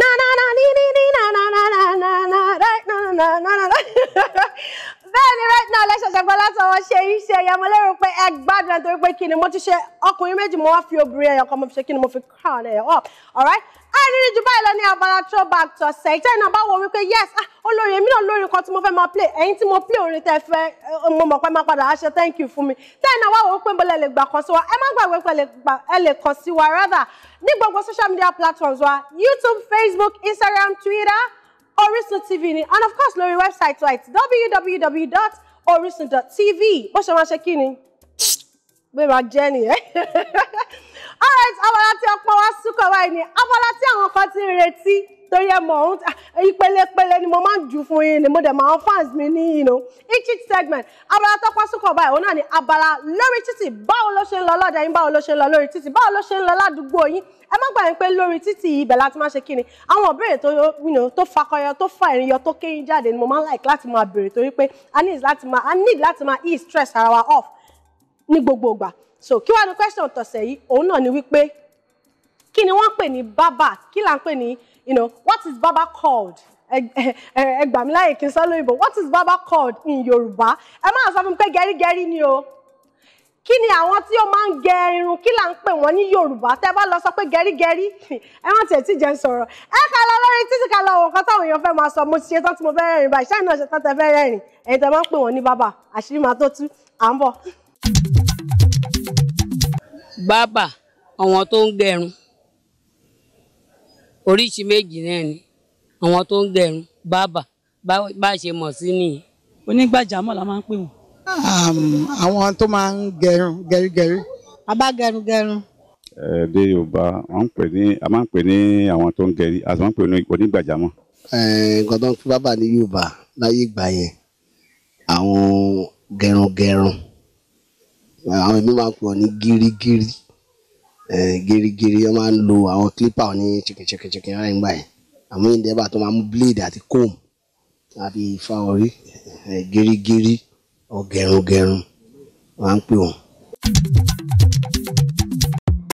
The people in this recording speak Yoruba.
na na na ni ni ni na na na na na na right na na na na na na ni right now lẹ́sọ̀ọ̀sẹ̀ pẹ́ látọwọ́ ṣe yí ṣe ẹ̀yà mo lérò pé ẹ gbádùn ẹ̀ torí pé kí ni mo ti ṣe ọkùnrin méjì mo wá fi obìnrin ẹ̀yọ̀ kan mo fi ṣe kí ni mo fi crown ẹ̀yọ̀ up alright bẹ́ẹ̀ rírí jù báyìí lọ ní abala throwback tọ̀sẹ̀ ìtẹ́ iná bá wọ wípé yes ah, olórí èmi náà lórí nǹkan tí mo fẹ́ máa play ẹ̀yin tí mo play orin tẹ́ fẹ́ eh, mo mọ̀ pé máa padà á ṣe thank you fún mi tẹ́ iná wá wọ wípé mo lè gbà kan sí wa ẹ má gbàgbé pé ẹ lè kàn sí wa rather ní gbogbo social media platforms wa YouTube Facebook Instagram Twitter Orisun TV ni and of course lórí website wa it's www.orisun.tv bó ṣe máa ṣe kí ni gbé máa jẹ́ nìyẹn. báyìí ni abala tí àwọn kan ti ń retí torí ẹ mọ̀ ohun ah, ìpelepele ni mo máa ń jù fún yín ni mo dẹ̀ máa ń fans mi ní yín o each segment abala tó pásùkọ̀ báyìí òun náà ni abala lórí títì báwo ló ṣe ń lọ lọ́dọ̀ yín báwo ló ṣe ń lọ lórí títì báwo ló ṣe ń lọ ládùúgbò yín ẹ má gbà yín pé lórí títì ibẹ̀ láti máa ṣe kí ni àwọn ìbéèrè tó fakọyọ tó fa ìrìnyọ tó kéyìn jáde ni mo máa ń like láti máa béèrè torí pé i need láti máa ease stress ara wa off ní gbogbo ìgbà so kí wàá ní question tọ̀sẹ̀ yìí òun náà ni wípé kí ni wọ́n ń pè ní bàbá kí là ń pè ní you know what is bàbá called ẹgbàmíláyè kí n sọ lóyìnbó what is bàbá called in Yorùbá ẹ máa sọ fún mi pé gẹrígẹrí ni o kí ni àwọn tí ó máa ń gẹ irun kí là ń pè wọ́n ní Yorùbá tẹ́ bá lọ sọ pé gẹrígẹrí ẹ rántí ẹ̀ tí jẹ́ ń sọ̀rọ̀ ẹ ká lọ lórí títí ká lọ wọ̀n kan táwọn èèyàn fẹ́ máa sọ mo ti ṣe tán tí mo fẹ́ rẹ́rìn báyìí ṣáà náà ṣe tán tẹ́ fẹ́ rẹ́rìn ẹ̀yin tẹ́ máa ń pè wọ́n ní bàbá àṣírí máa tó tú à ń bọ̀. bàbá àwọn tó ń gẹrun oríṣi méjì náà ni àwọn tó ń gẹrun bábà bá ṣe mọ̀ sí nìyẹn. onígbàjámọ̀ la máa ń pè wọ́n. àwọn tó máa ń gẹrun gẹrigẹri. abágẹrungẹrun. èdè yorùbá wọn ń pè ní a máa ń pè ní àwọn tó ń gẹrí a sì máa ń pè ní onígbàjámọ̀. nǹkan tó ń fi ní yorùbá láyé ìgbà yẹn àwọn gẹrungẹrun àwọn èmi máa ń pè ọ ní gírígírí. gerigeri wọ́n máa ń lo àwọn clipper ní chikìchikìchikì rẹ̀ nígbà yẹn àmọ́ yìí dẹ́gbà tó máa mú blade àti comb àti fa orí gerigeri ọ̀gẹ̀rùngẹ̀rùn wọ́n á ń pè